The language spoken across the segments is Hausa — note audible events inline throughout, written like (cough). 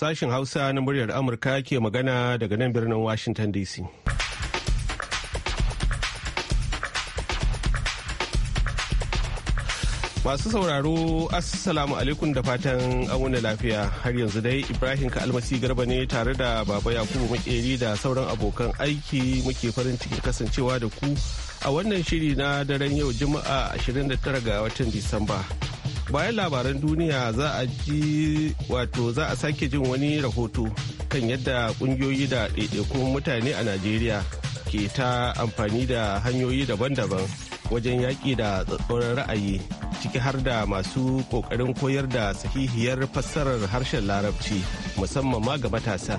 Sashen Hausa na muryar Amurka ke magana daga nan birnin Washington DC. Masu sauraro, Assalamu alaikum da fatan auna lafiya har yanzu dai Ibrahim Almasi Garba ne tare da Baba Yakubu Makeri da sauran abokan aiki muke farin ciki, kasancewa da ku a wannan shiri na daren yau Juma'a 29 ga watan Disamba. bayan labaran duniya za a ji wato za a sake jin wani rahoto kan yadda kungiyoyi da ɗaiɗaikun mutane a najeriya ke ta amfani da hanyoyi daban-daban wajen yaƙi da tsatsauran ra'ayi ciki har da masu ƙoƙarin koyar da sahihiyar fassarar harshen larabci musamman ma ga matasa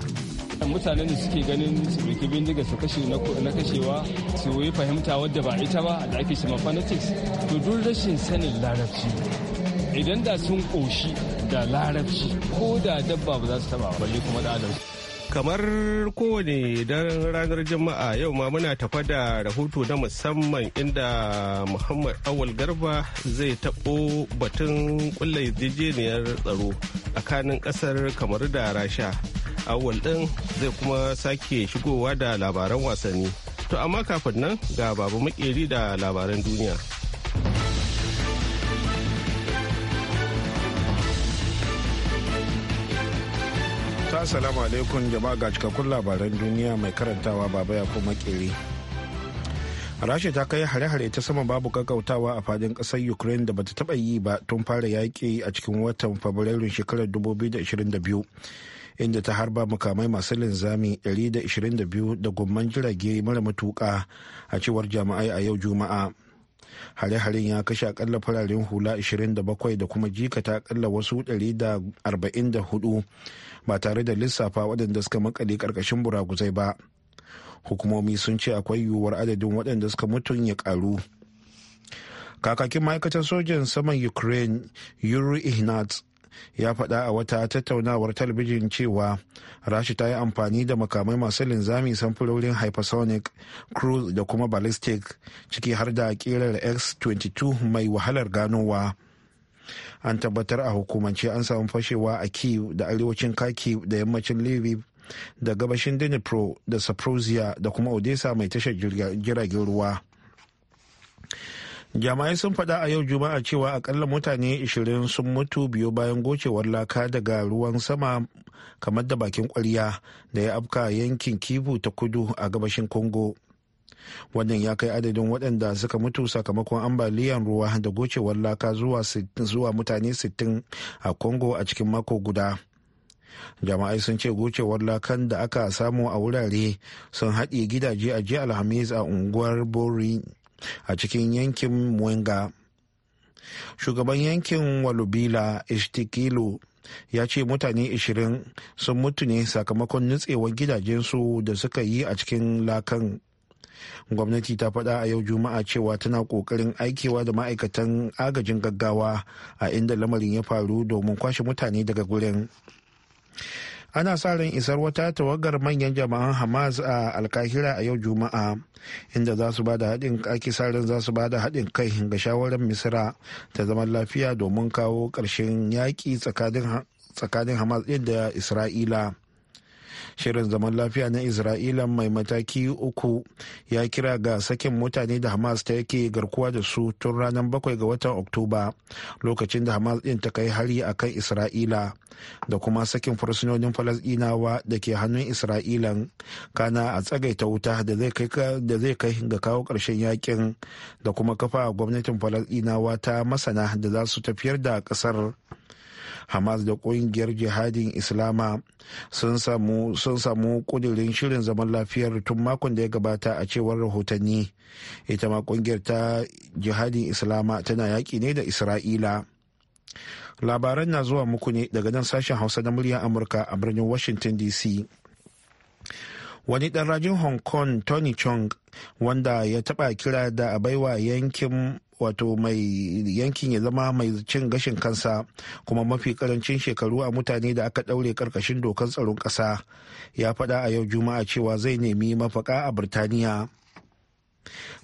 mutanen da suke ganin su ɗauki bindiga su kashe na kashewa su yi fahimta wadda ba ita ba da ake shima fanatics to duk rashin sanin larabci idan da sun koshi da larabci ko da dabba ba za su taba balle kuma da adam kamar kowane daren ranar jama'a yau ma muna tafa da rahoto na musamman inda muhammad awal garba zai taɓo batun kulle yarjejeniyar tsaro tsakanin ƙasar kamar da rasha awal ɗin zai kuma sake shigowa da labaran wasanni to amma kafin nan ga babu makeri da labaran duniya Assalamu alaikum jama'a ga cikakkun labaran duniya mai karantawa baba ya kuma kere. Rasha ta kai hare-hare ta sama babu kakkautawa a fadin kasar Ukraine da bata taɓa yi ba tun fara yaƙi a cikin watan Fabrairun shekarar 2022. inda ta harba mukamai masu linzami 122 da gumman jirage mara matuka a cewar jama'ai a yau juma'a hare-haren ya kashe akalla fararen hula 27 da kuma jika ta akalla wasu 144 ba tare da lissafa waɗanda suka makale ƙarƙashin buraguzai ba hukumomi sun ce akwai yiwuwar adadin waɗanda suka mutum ya ƙaru kakakin ma'aikatar sojan saman ukraine yuri ihnat ya faɗa a wata tattaunawar talabijin cewa rashi ta yi amfani da makamai masu linzami samfurorin hypersonic cruise da kuma ballistic ciki har da kirar x-22 mai wahalar ganowa an tabbatar a hukumance an samu fashewa a kiev da arewacin kharkiv da yammacin lviv da gabashin dnipro da saprosia da kuma odessa mai tashar jiragen ruwa jama'ai sun faɗa a yau juma'a cewa akalla mutane 20 sun mutu biyu bayan gocewar laka daga ruwan sama kamar da bakin kwarya da ya afka yankin kivu ta kudu a gabashin congo wannan ya kai adadin waɗanda suka mutu sakamakon ambaliyan ruwa da gocewar laka zuwa mutane 60 a congo a cikin mako guda jama'ai sun ce gocewar lakan da aka samu a wurare sun haɗe gidaje a jiya alhamis a unguwar borin a cikin yankin Mwenga. shugaban yankin walubila Ishtikilo ya ce mutane 20 sun mutu ne sakamakon nutsewar gidajensu da suka yi a cikin lakan gwamnati ta faɗa a yau juma'a cewa tana ƙoƙarin aikewa da ma'aikatan agajin gaggawa a inda lamarin ya faru domin kwashe mutane daga gurin ana sa ran isar wata tawagar manyan jama'an hamas a alkahira a yau juma'a inda za su bada haɗin ake sa ran za su bada haɗin kai ga shawarar misira ta zaman lafiya domin kawo ƙarshen yaƙi tsakanin hamas ɗin da isra'ila shirin zaman lafiya na isra'ila mai mataki uku ya kira ga sakin mutane da hamas ta yake garkuwa da su tun ranar bakwai ga watan oktoba lokacin da hamas din ta kai hari a kan isra'ila da kuma sakin fursunonin falasdinawa da ke hannun isra'ilan kana a tsagaita wuta da zai kai ga kawo ƙarshen yakin da kuma kafa gwamnatin falasdinawa ta masana da za su tafiyar da ƙasar hamas da kungiyar jihadin islama sun samu ƙudurin shirin zaman lafiyar tun makon da ya gabata a cewar rahotanni ita ma kungiyar ta jihadin islama tana yaƙi ne da isra'ila labaran na zuwa muku ne daga nan sashen hausa na muryar amurka a birnin washington dc wani ɗan rajin hong kong tony chong wanda ya taɓa kira da a baiwa yankin wato mai yankin ya zama mai cin gashin kansa kuma mafi karancin shekaru a mutane da aka ɗaure karkashin dokar tsaron ƙasa ya faɗa a yau juma'a cewa zai nemi mafaka a birtaniya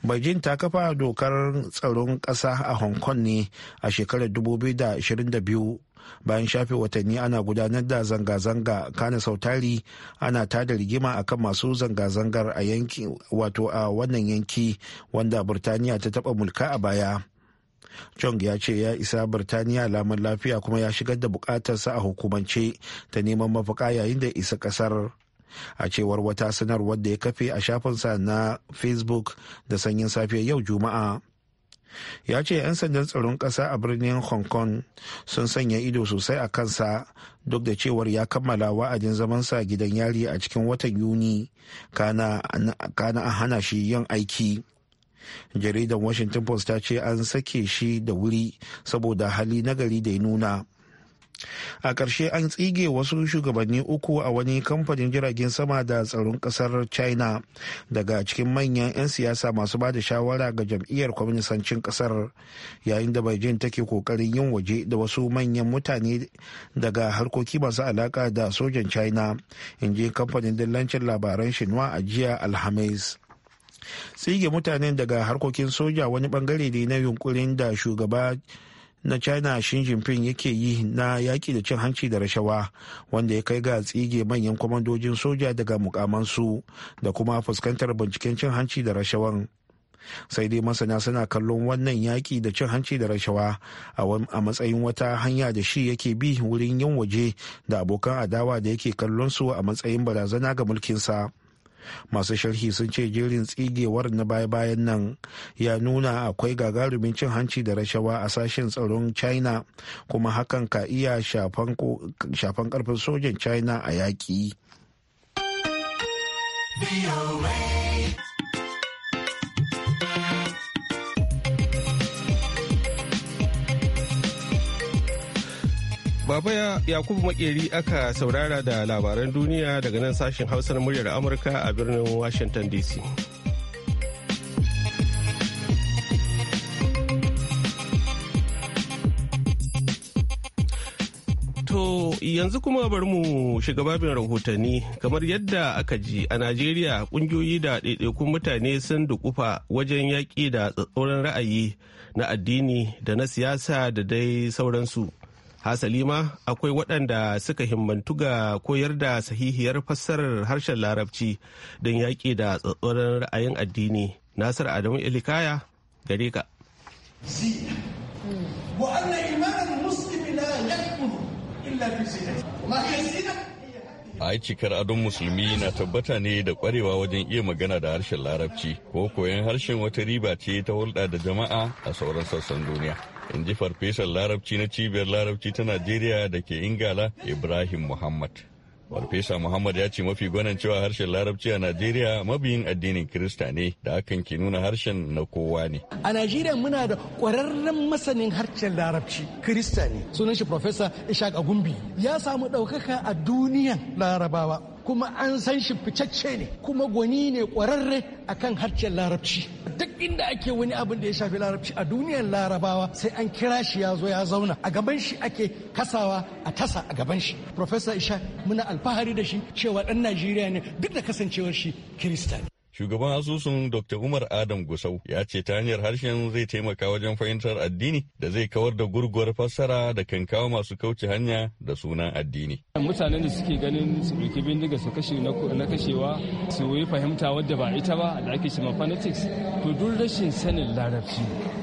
Beijing ta kafa dokar tsaron ƙasa a Hong Kong ne a shekarar 2022 bayan shafe watanni ana gudanar da zanga-zanga kana sautari ana tada rigima akan masu zanga-zangar a yanki wato a wannan yanki wanda birtaniya ta taba mulka a baya chong ya ce ya isa birtaniya lamun lafiya kuma ya shigar da bukatarsa a hukumance ta neman mafaka yayin da isa kasar a cewar wata sanarwar da ya kafe a shafinsa na facebook da sanyin safiyar yau juma'a ya ce 'yan sandan tsaron ƙasa a birnin hong kong sun sanya ido sosai a kansa duk da cewar ya kammala wa'adin zaman sa gidan yari a cikin watan yuni kana a hana shi yin aiki jaridan washington post ta ce an sake shi da wuri saboda hali nagari da ya nuna a ƙarshe an tsige wasu shugabanni uku a wani kamfanin jiragen sama da tsaron ƙasar china daga cikin manyan 'yan siyasa masu ba da shawara ga jam'iyyar kwaminisancin ƙasar yayin da beijing take ƙoƙarin yin waje da wasu manyan mutane daga harkoki masu alaƙa da sojan china in ji kamfanin dillancin labaran shinwa a jiya alhamis tsige mutanen daga harkokin soja wani bangare ne na yunkurin da shugaba na china shi jinping yake yi na yaƙi da cin hanci da rashawa wanda ya kai ga tsige manyan kwamandojin soja daga mukamansu da kuma fuskantar binciken cin hanci da rashawan sai dai masana suna kallon wannan yaƙi da cin hanci da rashawa a matsayin wata hanya da shi yake bi wurin yin waje da abokan adawa da yake kallon su a matsayin barazana ga mulkinsa masu sharhi sun ce jerin tsigewar na baya-bayan nan ya nuna akwai gagarumin cin hanci da rashawa a sashen tsaron china kuma hakan ka iya shafan karfin sojan china a yaƙi. Baba Yakubu Makeri aka saurara da labaran duniya daga nan sashen Hausa na muryar Amurka a birnin Washington DC. To yanzu kuma bari mu shiga babin rahotanni kamar yadda aka ji a Najeriya kungiyoyi da ɗaiɗaikun mutane sun dukufa wajen yaƙi da tsatsauran ra'ayi na addini da na siyasa da dai sauransu. hasali ma akwai waɗanda suka himmantu ga koyar da sahihiyar fassarar harshen larabci don yaƙi da tsatsoron ra'ayin addini nasir adamu ilikaya gare ka a cikar adon musulmi na tabbata ne da kwarewa wajen iya magana da harshen larabci ko koyon harshen wata riba ce ta hulɗa da jama'a a sauran sassan duniya in ji farfesan larabci na cibiyar larabci ta najeriya da ke ingala ibrahim muhammad farfesa muhammad ya ce mafi gwanan cewa harshen larabci a najeriya mabiyin addinin kirista ne da hakan ke nuna harshen na kowa ne a najeriya muna da kwararren masanin harshen larabci kirista ne sunan shi farfesa ishaq agumbi ya samu ɗaukaka a duniyan larabawa kuma an san shi ficacce ne kuma gwani ne kwararre akan harshen larabci duk inda ake wani abin da ya shafi larabci a duniyar larabawa sai an kira shi ya zo ya zauna a gaban shi ake kasawa a tasa a gaban shi professor isha muna alfahari da shi cewa dan najeriya ne duk da kasancewar shi kirista ne Shugaban asusun Dr. Umar Adam Gusau ya ce ta hanyar harshen zai taimaka wajen fahimtar addini da zai kawar da gurguwar fassara da kan kawo masu kauce hanya da sunan addini. Mutanen da suke ganin su ɗauki bindiga su kashe na kashewa su yi fahimta wadda ba ita ba da ake shima fanatics to duk rashin sanin larabci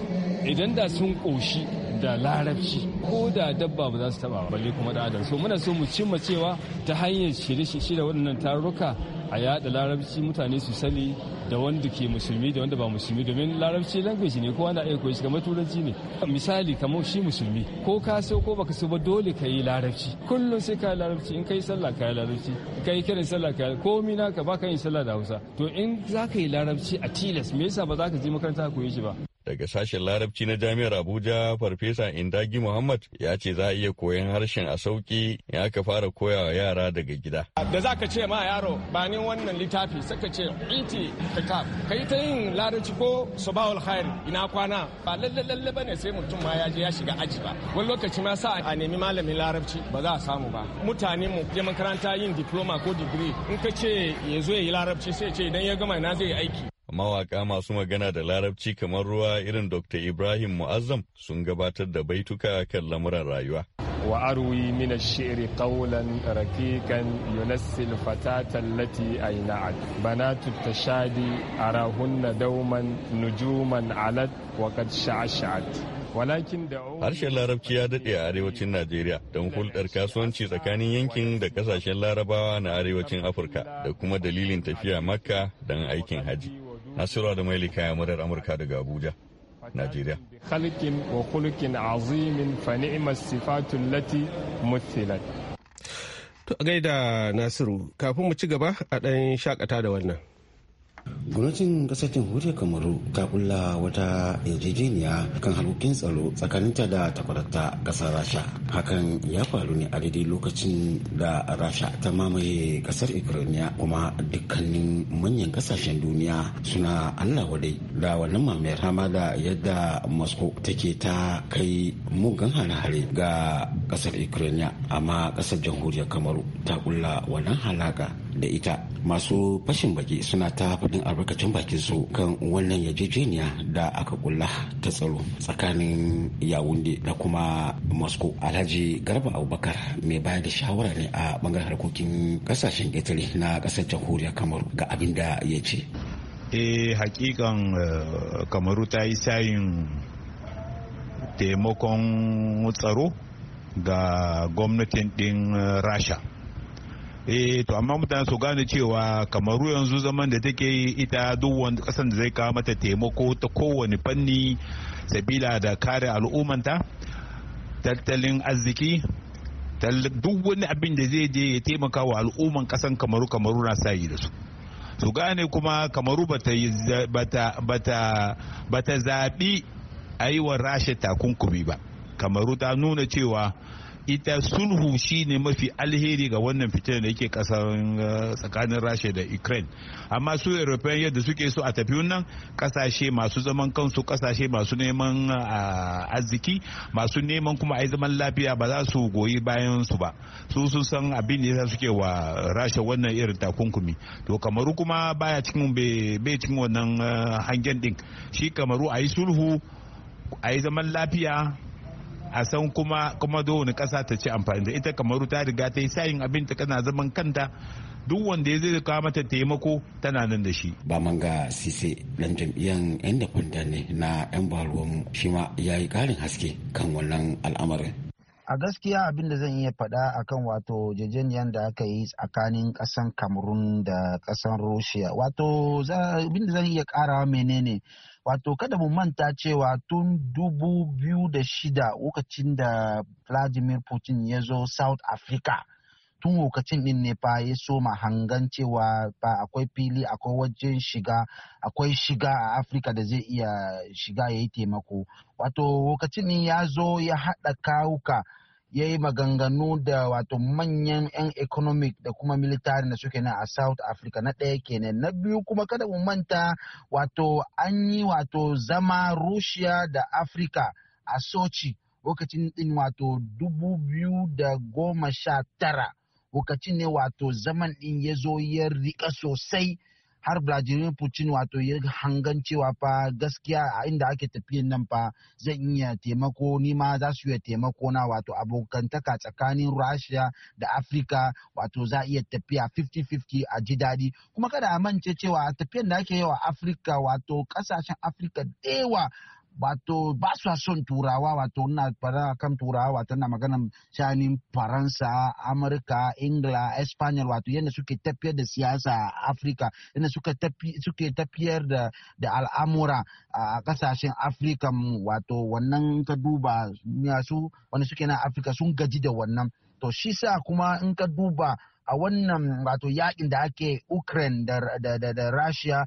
idan da sun ƙoshi da larabci ko da dabba ba za su taba balle kuma da adam so muna so mu cimma cewa ta hanyar shirye-shirye waɗannan taruka a yada larabci mutane su sani da wanda ke musulmi da wanda ba musulmi domin larabci language ne kowa na iya koyi kamar turanci ne misali kamar shi musulmi ko ka so ko baka so ba dole ka yi larabci kullum sai ka yi larabci in kai sallah ka yi larabci ka yi kiran sallah ka yi komi naka ba ka yin sallah da Hausa to in za ka yi larabci a tilas me yasa ba za ka je makaranta ka koyi shi ba daga sashen larabci na jami'ar abuja farfesa indagi muhammad ya ce za a iya koyan harshen a sauki ya ka fara koyawa yara daga gida da za ka ce ma yaro ba ni wannan littafi ka ce iti kitab kai ta yin larabci ko subahul khair ina kwana ba lalle lalle bane sai mutum ma ya je ya shiga aji ba wani lokaci ma sa a nemi malamin larabci ba za a samu ba mutane mu je makaranta yin diploma ko digiri in ka ce ya zo ya yi larabci sai ce idan ya gama na zai yi aiki mawaka masu magana da larabci kamar ruwa irin Dr. Ibrahim Mu'azzam sun gabatar da baituka kan lamuran rayuwa. وأروي من الشعر قولا ركيكا ينسي الفتاة التي أينعت بنات التشادي أراهن دوما alat علت وقد شعشعت Harshen Larabci ya daɗe a arewacin Najeriya don hulɗar kasuwanci tsakanin yankin da ƙasashen Larabawa na arewacin Afirka da kuma dalilin tafiya Makka don aikin haji. Nasiru da Maili kayan murar Amurka daga Abuja, Najeriya. Khalikin wa khulukin azimin fa ni'mas lati muthilat. To gaida Nasiru, kafin mu ci gaba a ɗan shakata da wannan. gwamnatin kasar jamhuriyar kamaru ta kulla wata yarjejeniya kan harkokin tsaro tsakaninta da takwarata kasar rasha hakan ya faru ne a daidai lokacin da rasha ta mamaye kasar ukraine kuma dukkanin manyan kasashen duniya suna allah wadai da wannan mamayar hama da yadda moscow take ta kai mugan hare-hare ga kasar ukraine amma kasar jamhuriyar kamaru ta kulla wannan halaka da ita masu fashin baki suna ta faɗin albarkacin bakin su kan wannan yarjejeniya da aka kulla ta tsaro tsakanin yawunde da kuma moscow alhaji garba abubakar mai bayar da shawara ne a bangaren harkokin kasashen italy na kasar jamhuriyar kamaru ga abin da ya ce e hakikan eh, kamaru ta yi sayin taimakon tsaro ga gwamnatin din eh, rasha eh to amma mutane su gane cewa kamaru yanzu zaman da take ita duk wani kasan da zai kawo mata taimako ta kowane fanni sabila da kare al'ummanta tattalin arziki duk wani abin da zai je ya taimaka wa al'umman kasan kamaru kamaru na sa yi da su su gane kuma kamaru bata zaɓi a yi wa rasha takunkumi ba kamaru ta nuna cewa ita sulhu shi ne mafi alheri ga wannan fitar da yake kasar eh, tsakanin rasha da ukraine amma su european yadda suke so a tafi wannan kasashe masu zaman kansu kasashe masu neman eh, arziki masu neman kuma ai zaman lafiya ba za su goyi bayan su ba su sun san abin da yasa suke wa rasha wannan irin takunkumi to kamaru kuma baya cikin bai cikin wannan eh, hangen din shi kamaru a yi sulhu a yi zaman lafiya a san kuma kuma dole kasa ta ci amfani da ita kamar ta riga ta yi sayin abin ta kana zaman kanta duk wanda ya zai kawo mata taimako tana nan da shi. Ba ga sise dan jam'iyyar yan da ne na yan baruwan shi ma ya yi karin haske kan wannan al'amarin. A gaskiya abin da zan iya faɗa akan wato jejeniyar da aka yi tsakanin ƙasan kamerun da ƙasan Russia wato abin da zan iya ƙarawa menene wato kada mu manta cewa tun dubu biyu da shida lokacin da vladimir putin ya zo south africa tun lokacin din ne fa ya soma hangan cewa ba akwai fili akwai wajen shiga akwai shiga a afirka da zai iya shiga ya yi taimako wato lokacin ya zo ya haɗa kawuka ya yi maganganu da wato manyan 'yan economic da kuma military da suke na a south africa na ɗaya kenan na biyu kuma kada mu manta wato an yi wato zama russia da africa a sochi lokacin ɗin wato dubu biyu da goma sha tara lokacin ne wato zaman ɗin ya zo ya rika sosai har Vladimir Putin wato ya hangan cewa fa gaskiya a inda ake tafiyan nan fa zan iya taimako ni ma za su iya taimako na wato abokantaka tsakanin Rasha da Africa wato za iya tafiya 50-50 a ji daɗi kuma kada a mance cewa tafiyan da ake yi wa Africa wato kasashen Africa dewa wato ba ah, su son turawa wato na fara kan turawa wato na magana shanin faransa amurka ingila espanyol wato yadda suke tafiyar da siyasa a afirka yadda suke tafiyar da al'amura a kasashen afirka wato wannan ka duba su wani suke na afirka sun gaji da wannan to shi sa kuma in ka duba a ah, wannan wato yakin da ake ukraine da, da, da, da russia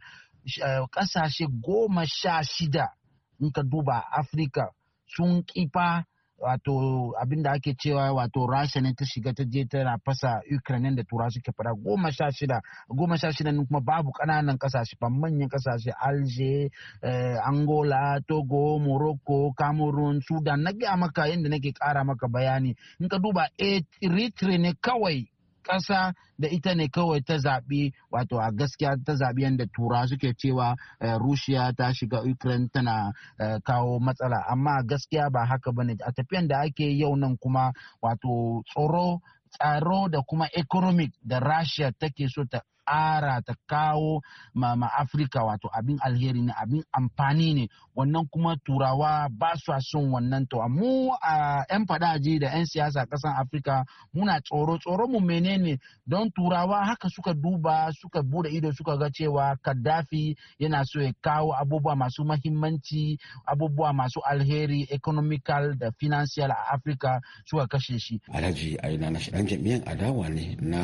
ah, kasashe goma sha shida in ka duba afirka sun kifa wato abin da ake cewa wato rasha ne ta shiga ta je tana fasa ukraine da tura suke fara goma sha shida goma sha shida kuma babu kananan kasashe ba manyan kasashe alger eh, angola togo morocco cameroon sudan na gaya maka yadda nake kara maka bayani in ka duba eritrea ne kawai ƙasa da ita ne kawai ta zaɓi wato a gaskiya ta zaɓi yadda tura suke cewa eh, rushiya ta shiga ukraine tana eh, kawo matsala amma gaskiya ba haka ba ne a tafiyan da ake yau nan kuma wato tsoro tsaro da kuma economic da rasha take so ta ƙara ta kawo ma, ma afirka wato abin alheri ne abin amfani ne wannan kuma turawa ba su son wannan to mu a 'yan fadaji da 'yan siyasa kasan afirka muna tsoro tsoro mu menene don turawa haka suka duba suka bude ido suka ga cewa kaddafi yana so ya kawo abubuwa masu mahimmanci abubuwa masu alheri economical da financial a afirka suka kashe shi alhaji aina na dan jami'an adawa ne na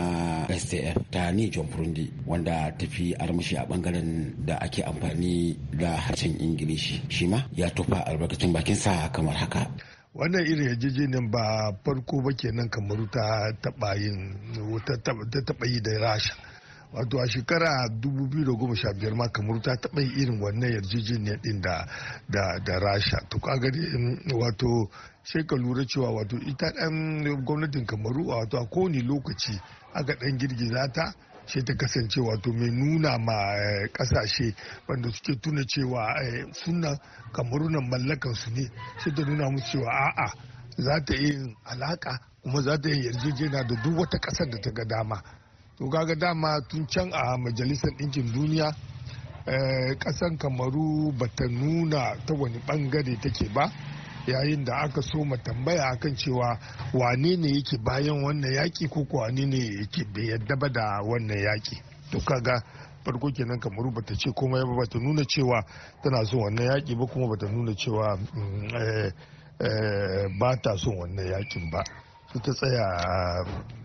stf ta ni john Burundi wanda fi armashi a bangaren da ake amfani da harshen Ingilishi shi ma ya tofa albarkacin bakinsa kamar haka. wannan irin yarjejeniyar ba farko ba kenan kamar ta taba ta taba yi da rasha wato a shekara 2015 ma kamar ta taba yi irin wannan yarjejeniyar din da da rasha to ka gani wato sai ka lura cewa wato ita dan gwamnatin kamaru wato a kowane lokaci aka dan girgiza ta sai ta kasance wato mai nuna ma kasashe eh, wanda suke tuna cewa eh, suna kamarunan mallakan su ne sai ta nuna musu cewa a'a za ta yi alaka kuma za ta yi yarjejena da duk wata kasar da ta ga dama to kaga dama tun can a majalisar ɗinkin duniya kasan eh, kamaru ba ta nuna ta wani bangare take ba yayin da aka soma ma tambaya kan cewa wane ne yake bayan wannan yaƙi ko wane ne yake yadda ba da wannan yaƙi to kaga farko kenan kamaru bata ce komai ba bata nuna cewa tana son wannan yaƙi ba kuma bata nuna cewa mm, eh, eh, ba ta son wannan yaƙin ba ta tsaya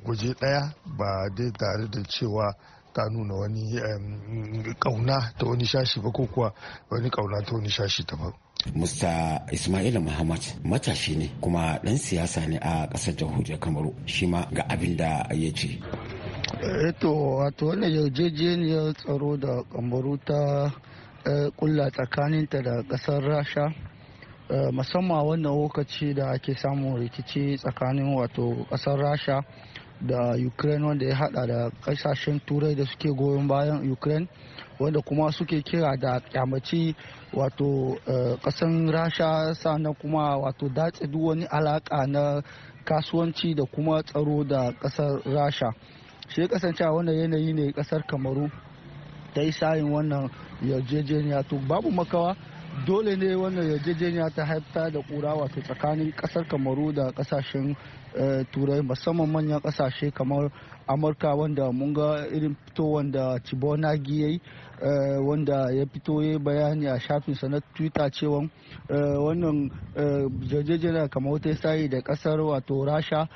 guje ɗaya ba dai tare da cewa ta nuna wani kauna ta wani shashi ba ko kuwa wani kauna ta wani shashi ta ba. Mr. Ismail Muhammad matashi ne kuma ɗan siyasa ne a ƙasar jamhuriyar Kamaru shi ma ga abin da ya ce. Eto eh, wato wannan yarjejeniyar tsaro da Kamaru ta eh, kulla tsakaninta da ƙasar Rasha eh, musamman wannan lokaci da ake samun rikici tsakanin wato ƙasar Rasha da Ukraine wanda ya hada da ƙasashen turai da suke goyon bayan Ukraine. wanda kuma suke kira da kyamaci wato kasan eh, rasha sannan kuma wato datse duk wani alaka na kasuwanci da kuma tsaro da kasar rasha shi kasance a wannan yanayi ne kasar kamaru ta yi sayin wannan yarjejeniya to babu makawa dole ne wannan yarjejeniya ta haifta da kura wato tsakanin kasar kamaru da kasashen eh, turai musamman manyan kasashe kamar amurka wanda mun ga irin fitowar da cibonagi ya yi Eh, wanda ya fito ya bayani a shafin sa na twitter cewa eh, wannan eh, jajejena kamar wata sayi da kasar wato rasha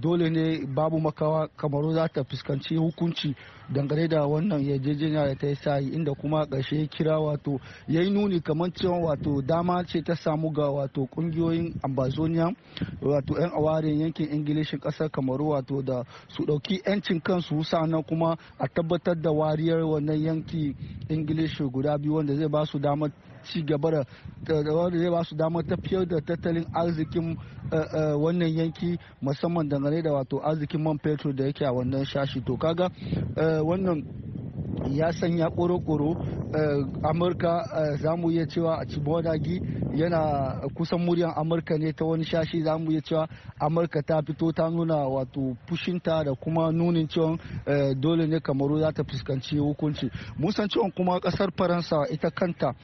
dole ne babu makawa kamaru za ta fuskanci hukunci dangane da wannan yarjejeniya da ta yi sayi inda kuma ƙarshe kira wato ya yi nuni kamar cewa wato dama ce ta samu ga wato ƙungiyoyin ambazonia wato 'yan awarin yankin ingilishin ƙasar kamaru wato da su ɗauki 'yancin kansu sannan kuma a tabbatar da wariyar wannan yanki ingilishi guda biyu wanda zai ba su damar ci gaba da wanda zai ba su damar tafiyar da tattalin arzikin eh, eh, wannan yanki musamman dangane da wato arzikin man fetur da yake a wannan shashi to kaga eh, wannan ya sanya koro-koro amurka za mu iya cewa a cibodagi yana kusan muryan amurka ne ta wani shashi za mu iya cewa amurka ta fito ta nuna wato fushinta da kuma nunin cewa dole ne kamaru za ta fuskanci hukunci musan cewa kuma kasar faransa ita kanta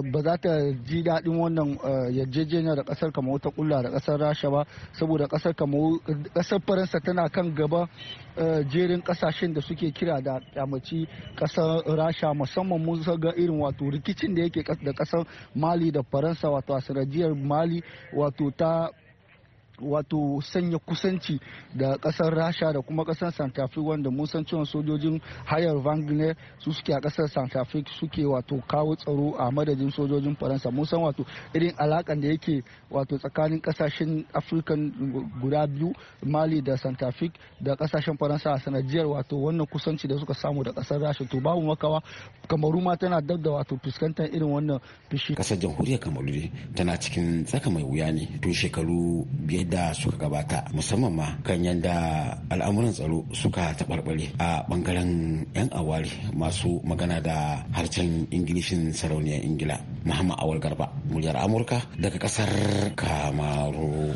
ba za ta ji daɗin wannan eh, yarjejeniya da ƙasar kamau ta kulla da ƙasar rasha ba saboda ƙasar kamau ƙasar faransa tana kan gaba eh, jerin ƙasashen da suke kira da kyamaci ƙasar rasha musamman mun ga irin wato rikicin da yake da ƙasar mali da faransa wato a sanadiyar mali wato ta wato sanya kusanci da kasar rasha da kuma kasar santa fe wanda mun san cewa sojojin hayar wagner su suke a kasar santa fe suke wato kawo tsaro a madadin sojojin faransa mun san wato irin alakan da yake wato tsakanin kasashen afirka guda biyu mali da santa fe da kasashen faransa a sanajiyar wato wannan kusanci da suka samu da kasar rasha to babu makawa kamaru ma tana dab da wato fuskantar irin wannan fishi kasar jamhuriyar kamaru tana cikin tsaka mai wuya ne tun shekaru biyar da suka gabata musamman ma kan yadda al'amuran tsaro suka taɓarɓare a ɓangaren 'yan awari masu magana da harshen ingilishin sarauniyar ingila muhammad awal garba muryar amurka daga ƙasar kamaru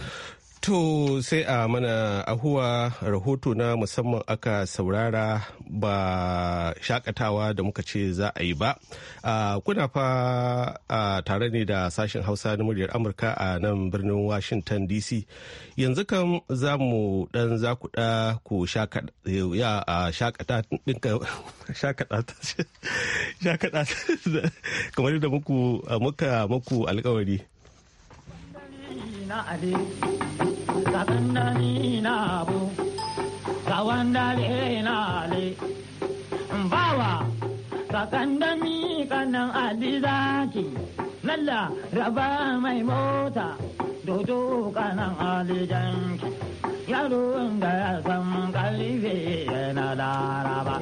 To sai a mana ahuwa rahoto na musamman aka saurara ba shakatawa da muka ce za a yi ba. Kuna fa tare ne da sashen Hausa na muryar Amurka a nan birnin Washington DC. Yanzu kam za mu dan za ku shakata (laughs) (laughs) (laughs) kamar da muku alkawari. na ade ka sanda na abu ka na le bawa ka kanda mi kanan adizaki lalla raba mai mota dodo kanan alijanki yaron da ya san da yana laraba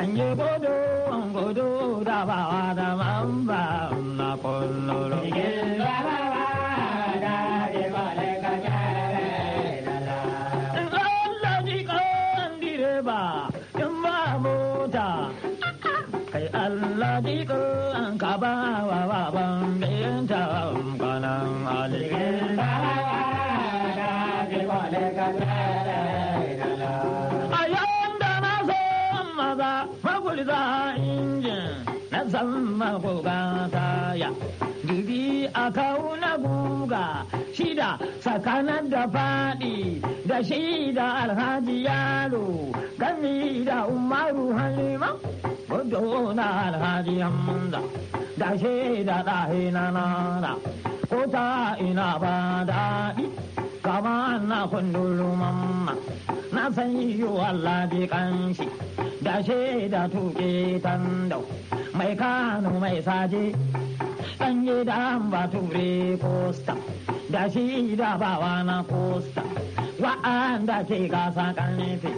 an yi bodo kudu da bawa da mamba na maza fagul za injin na zama gogata ya dubi a kauna guga shida tsakanin da faɗi da shida alhaji yalo gami da umaru halima gudu na alhaji hamza da shida ɗahe na nana ko ta ina ba daɗi gaba na kundulu mamma na san Allah labi kanshi da da tuke tandau mai kano mai saje yi da ba ture kosta da shi da bawa na kosta wa'anda ke gasa kanfe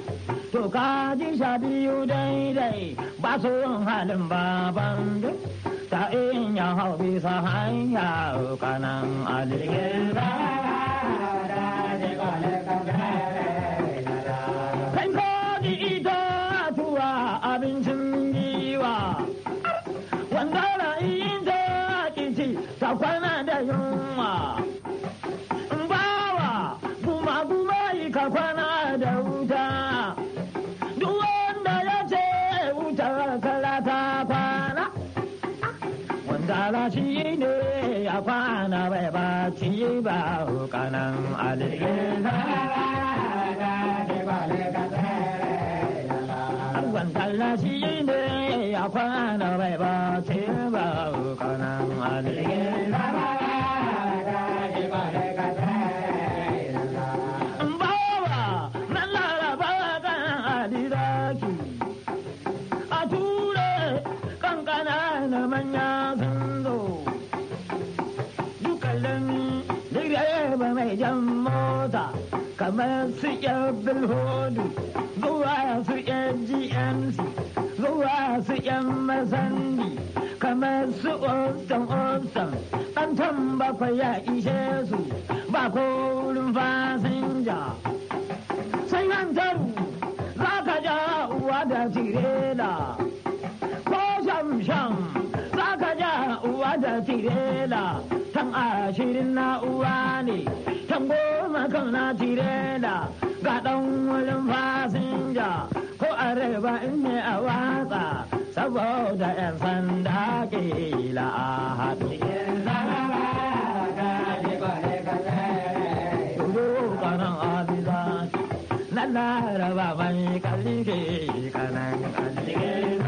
to ka ji sha biyu daidai ba su halin baban duk ta in ya hau bisa hanya kanan aligera ಕಾಲ ಕಮಲ ba kanan ali Abban kalla shi ne ya kwana bai ba ce ba kanan ali yan mota kamar su yan bilhodu zuwa su yan gmc zuwa su yan masandi kamar su oftan oftan ɗan bakwai ya ishe su ba wurin fasinja sai hantaru za ka ja uwa da tirela ko sham-sham za ka ja uwa da tirela tan ashirin na uwa ne kan goma kan na tirela ga ɗan wurin fasinja ko areba in ne a watsa saboda 'yan sanda kila a haɗu. Na laraba mai kalli kanan kalli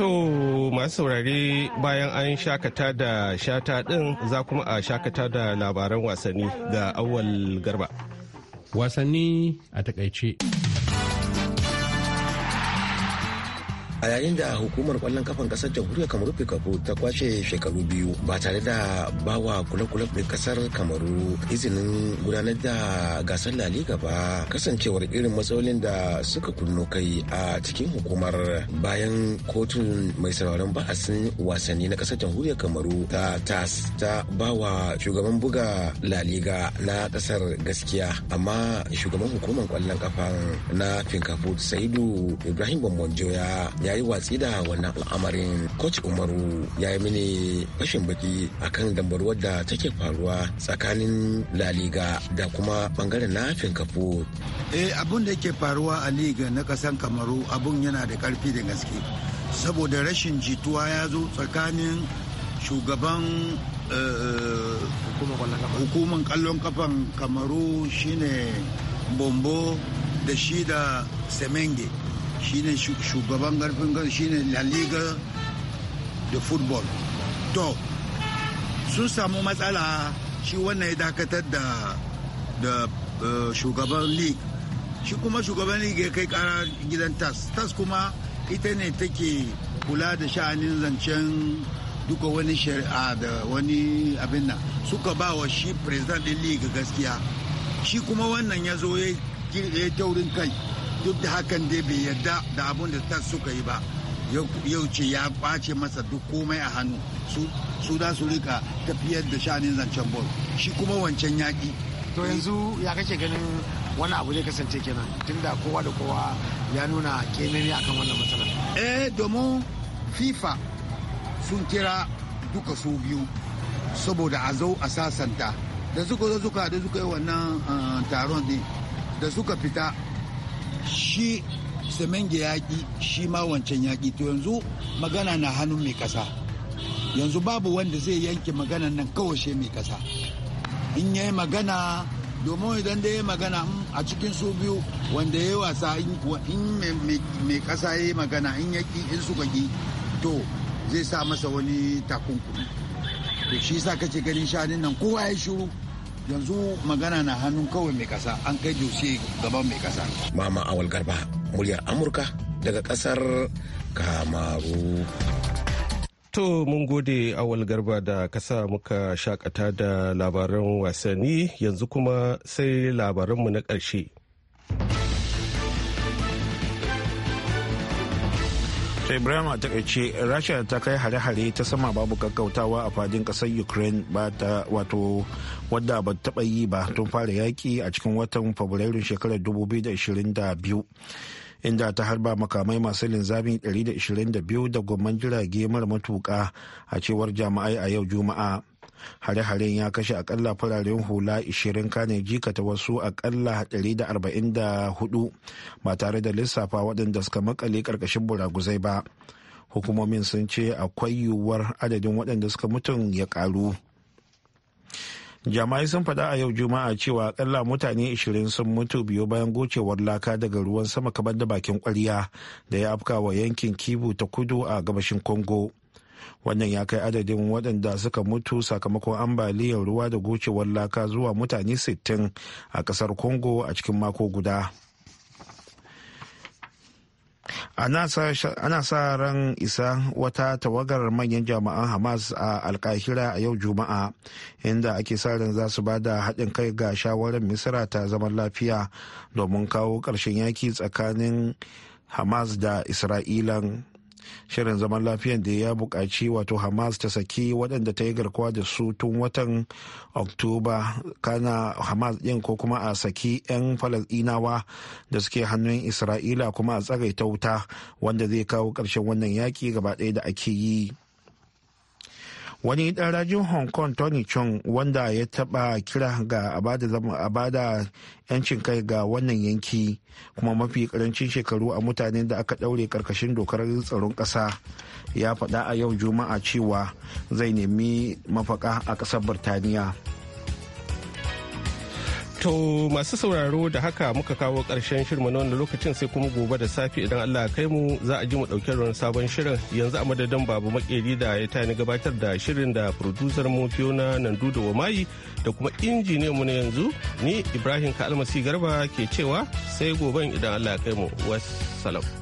To masu saurari bayan an shakata da shata din za kuma a shakata da labaran wasanni ga awal garba. Wasanni a takaice. a yayin da hukumar kwallon kafan kasar jamhuriyar kamaru fikafu ta kwashe shekaru biyu ba tare da bawa kula-kula ƙasar kasar kamaru izinin gudanar da gasar laliga ba kasancewar irin matsalolin da suka kunno kai a cikin hukumar bayan kotun mai sauraron ba'asin wasanni na kasar jamhuriyar kamaru ta tas ta bawa shugaban buga laliga na kasar gaskiya amma shugaban hukumar kwallon kafan na finkafu saidu ibrahim bambonjoya ya ya yi watsi da wannan al'amarin coach umaru ya yi mini rashin baki akan dambarwar da take faruwa tsakanin laliga da kuma bangaren na finkafo eh abun da yake faruwa a liga na kasan kamaru abun yana da karfi da gaske saboda rashin jituwa ya zo tsakanin shugaban eh, hukumar kallon kafan kamaru shine bombo da shi da semenge shine shugaban karfin gan shine la liga da football to sun samu matsala shi wannan ya dakatar da da eh, shugaban league shi kuma shugaban league ya kai kara gidan tas tas kuma ita ne take kula da sha'anin zancen duka wani shari'a da wani abin nan suka ba wa shi president din league gaskiya shi kuma wannan ya zo ya taurin kai duk da hakan dai bai yarda da abun da ta suka yi ba yau ce ya kwace masa duk komai a hannu su da su rika tafiyar da shanin zancen bol shi kuma wancan yaki. to yanzu ya kace ganin wani abu ne kasance kenan tunda kowa da kowa ya nuna kemeni akan wannan matsalar eh domin fifa sun kira duka su biyu saboda a zo a sasanta da suka zo suka da suka yi wannan eh, taron ne da suka fita shi semenge yaƙi shi ma wancan yaƙi to yanzu magana na hannun mai ƙasa yanzu babu wanda zai yanke magana nan kawashe mai ƙasa in ya yi magana domin idan da ya yi magana a cikin su biyu wanda ya yi wasa in mai ƙasa ya yi magana in ya ƙi in suka ƙi to zai sa masa wani takunkumi to shi sa kace ganin shanin nan kowa ya shiru yanzu magana na hannun kawai mai kasa an kai jose gaban mai kasa mama awal garba muryar amurka daga kasar kamaru To mun gode awal garba da kasa muka shakata da labaran wasanni yanzu kuma sai labaranmu na ƙarshe. ibrahim a takaice rasha ta kai hare-hare ta sama babu kakkautawa a fadin kasar ukraine ba ta wato wadda ba taba yi ba tun fara yaƙi a cikin watan fabrairu shekarar 2022 inda ta harba makamai masu linzami 122 da gwamman jirage mara matuƙa a cewar jami'ai a yau juma'a hare-haren ya kashe akalla fararen hula 20 kane jikata wasu akalla 144 ba tare da lissafa waɗanda suka makale karkashin buraguzai ba hukumomin sun ce akwai yiwuwar adadin waɗanda suka mutum ya ƙaru jama'ai sun faɗa a yau juma'a cewa akalla mutane 20 sun mutu biyo bayan gocewar laka daga ruwan sama kamar da bakin kwarya da ya afka wa yankin kibu ta kudu a gabashin congo wannan ya kai adadin waɗanda suka mutu sakamakon ambaliyar ruwa da gocewar laka zuwa mutane 60 a ƙasar congo a cikin mako guda. ana sa ran isa wata tawagar manyan jami'an hamas a alkahira a yau juma'a inda ake sa ran za su bada haɗin kai ga shawarar misira ta zaman lafiya domin kawo ƙarshen yaki tsakanin hamas da isra'ilan shirin zaman lafiyan da ya buƙaci wato hamas ta saki waɗanda ta yi garkuwa da su tun watan oktoba kana hamas ɗin ko kuma a saki 'yan falasɗinawa da suke hannun isra'ila kuma a tsagaita wuta wanda zai kawo ƙarshen wannan yaƙi gaba ɗaya da ake yi wani dan rajin hong kong tony chung wanda ya taba kira ga a bada yancin kai ga wannan yanki kuma mafi karancin shekaru a mutanen da aka daure karkashin dokar tsaron kasa ya faɗa a yau juma'a cewa zai nemi mafaka a ƙasar birtaniya To masu sauraro da haka muka kawo ƙarshen shirma na wannan lokacin sai kuma gobe da safe idan Allah kai mu za a ji mu ɗauke wani sabon shirin yanzu a madadin babu makeri da ya tani gabatar da shirin da producer mu Fiona Nandu da Wamayi da kuma injiniyan mu na yanzu ni Ibrahim Kalmasi Garba ke cewa sai goben idan Allah kai mu wassalam.